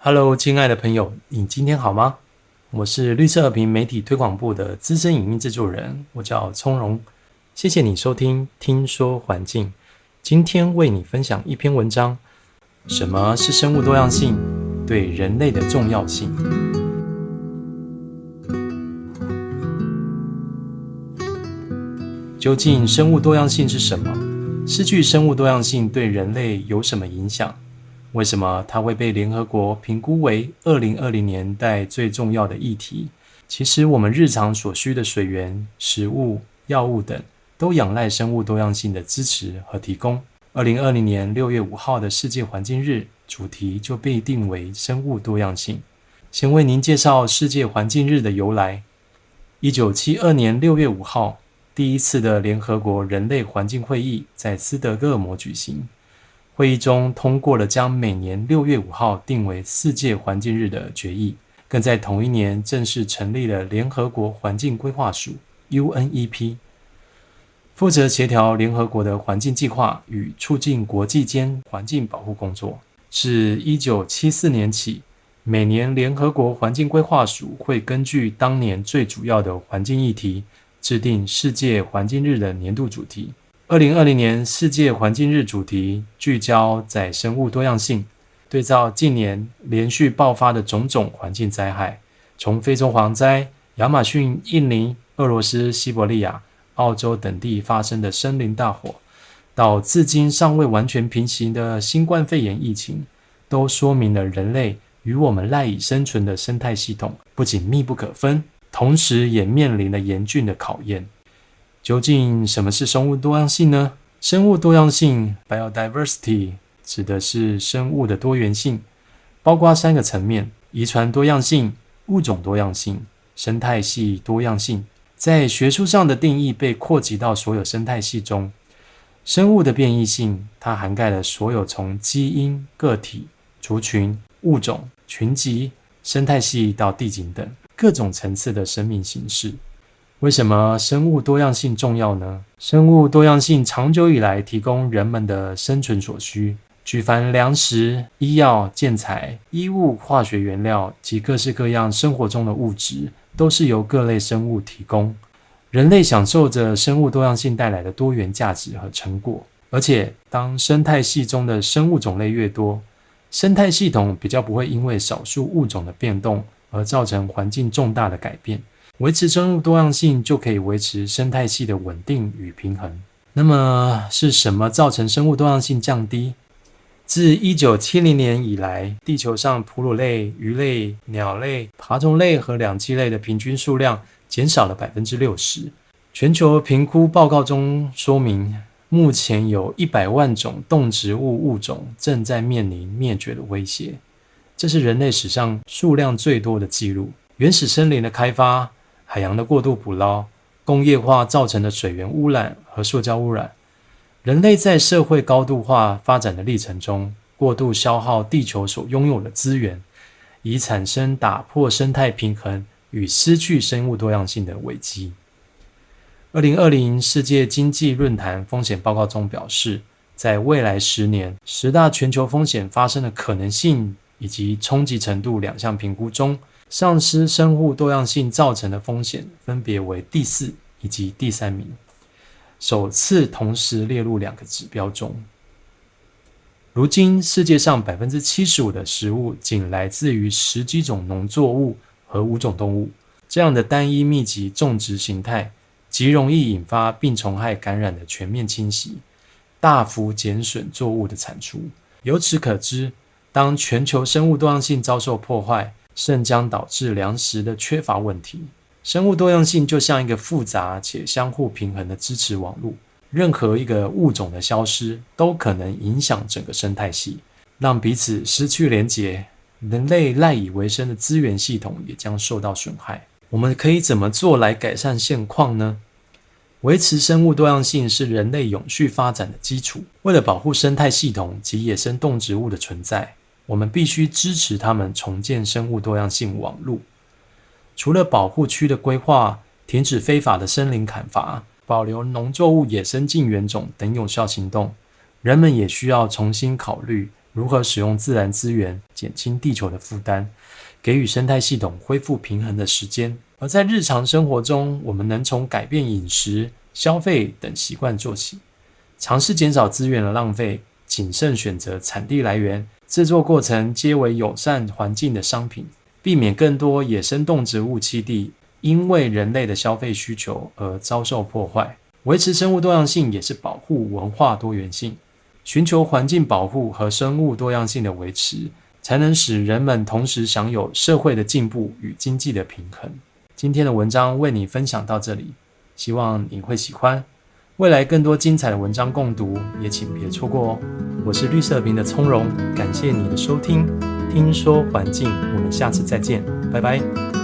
哈嘍，親愛的朋友，你今天好嗎？我是綠色和平媒，媒體推廣部的資深影音製作人，我叫聰榮。謝謝你收聽《聽說環境》，今天為你分享一篇文章：什麼是生物多樣性對人類的重要性？究竟生物多樣性是什麼？失去生物多樣性對人類有什麼影響？為什麼它會被聯合國評估為二零二零年代最重要的議題？其實，我們日常所需的水源、食物、藥物等，都仰賴生物多樣性的支持和提供。二零二零年六月五號的世界環境日主題就被定為生物多樣性。先為您介紹世界環境日的由來：一九七二年六月五號，第一次的聯合國人類環境會議在斯德哥爾摩舉行。會議中通過了將每年六月五號定為世界環境日的決議，更在同一年正式成立了聯合國環境規劃署 （UNEP），負責協調聯合國的環境計劃與促進國際間環境保護工作。自一九七四年起，每年聯合國環境規劃署會根據當年最主要的環境議題，制定世界環境日的年度主題。二零二零年世界環境日主題聚焦在生物多樣性。對照近年連續爆發的種種環境災害，從非洲蝗災、亞馬遜、印尼、俄羅斯西伯利亞、澳洲等地發生的森林大火，到至今尚未完全平息的新冠肺炎疫情，都說明了人類與我們賴以生存的生態系統不僅密不可分，同時也面臨了嚴峻的考驗。究竟什麼是生物多樣性呢？生物多樣性 （biodiversity） 指的是生物的多元性，包括三個層面：遺傳多樣性、物種多樣性、生態系多樣性。在學術上的定義被擴及到所有生態系中，生物的變異性，它涵蓋了所有從基因、個體、族群、物種、群集、生態系到地景等各種層次的生命形式。為什麼生物多樣性重要呢？生物多樣性長久以來提供人們的生存所需，舉凡糧食、醫藥、建材、衣物、化學原料及各式各樣生活中的物質，都是由各類生物提供。人類享受着生物多樣性帶來的多元價值和成果，而且當生態系中的生物種類越多，生態系統比較不會因為少數物種的變動而造成環境重大的改變。維持生物多樣性就可以維持生態系的穩定與平衡。那麼，是什麼造成生物多樣性降低？自1970年以來，地球上哺乳類、魚類、鳥類、爬蟲類和兩棲類的平均數量減少了百分之六十。全球評估報告中說明，目前有一百萬種動植物物種正在面臨滅絕的威脅。這是人類史上數量最多的記錄。原始森林的開發，海洋的過度捕撈、工業化造成的水源污染和塑膠污染，人類在社會高度化發展的歷程中，過度消耗地球所擁有的資源，以產生打破生態平衡與失去生物多樣性的危機。2020世界經濟論壇風險報告中表示，在未來十年十大全球風險發生的可能性以及衝擊程度兩項評估中，喪失生物多樣性造成的風險分別為第四以及第三名，首次同時列入兩個指標中。如今，世界上百分之七十五的食物僅來自於十幾種農作物和五種動物，這樣的單一密集種植形態，極容易引發病蟲害感染的全面侵襲，大幅減損作物的產出。由此可知，當全球生物多樣性遭受破壞，甚至將導致糧食的缺乏問題。生物多樣性就像一個複雜且相互平衡的支持網絡，任何一個物種的消失都可能影響整個生態系，讓彼此失去連結，人類賴以為生的資源系統也將受到損害。我們可以怎麼做來改善現況呢？維持生物多樣性是人類永續發展的基礎。為了保護生態系統及野生動植物的存在，我們必須支持他們重建生物多樣性網絡。除了保護區的規劃、停止非法的森林砍伐、保留農作物野生近緣種等有效行動，人們也需要重新考慮如何使用自然資源，減輕地球的負擔，給予生態系統恢復平衡的時間。而在日常生活中，我們能從改變飲食、消費等習慣做起，嘗試減少資源的浪費，謹慎選擇產地來源。製作過程皆為友善環境的商品，避免更多野生動植物棲地因為人類的消費需求而遭受破壞。維持生物多樣性也是保護文化多元性，尋求環境保護和生物多樣性的維持，才能使人們同時享有社會的進步與經濟的平衡。今天的文章為你分享到這裡，希望你會喜歡。未來更多精彩的文章共讀，也請別錯過哦！我是綠色和平的從容，感謝你的收聽，聽說環境，我們下次再見，拜拜。